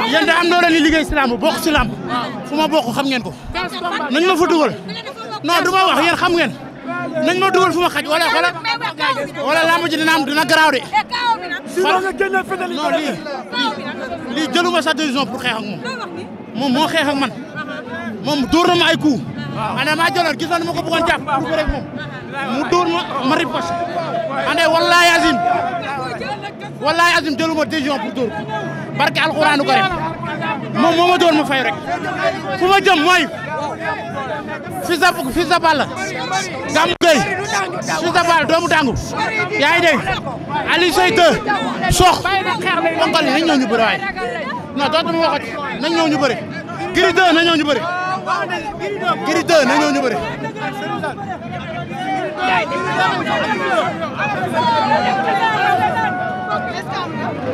yéen da am loo leen di liggéey si làmb bokk si fu ma bokk xam ngeen ko nañ ma fa dugal non du ma wax yéen xam ngeen nañ ma dugal fu ma xaj wala wala wala làmb ji dina am dina garaaw de. non lii lii jëluma sa décision pour xeex ak moom moom moo xeex man moom dóor na ma ay coups. waaw man maa jëloon gisoon ma ko bëggoon jàpp pour ko rek moom mu dóor ma ma riposte. wallaay azim jëluma décision pour dóor ko barke alxuraanu karim moom moo ma dóor ma fay rek fu ma jëm mooy fi sa fi sa ball Gamou Gueye fi sa ball doomu dangu yaa ngi dégg Aliou Seye te sox bonkal nañ ñëw ñu bëri waaye non giri deux na ñëw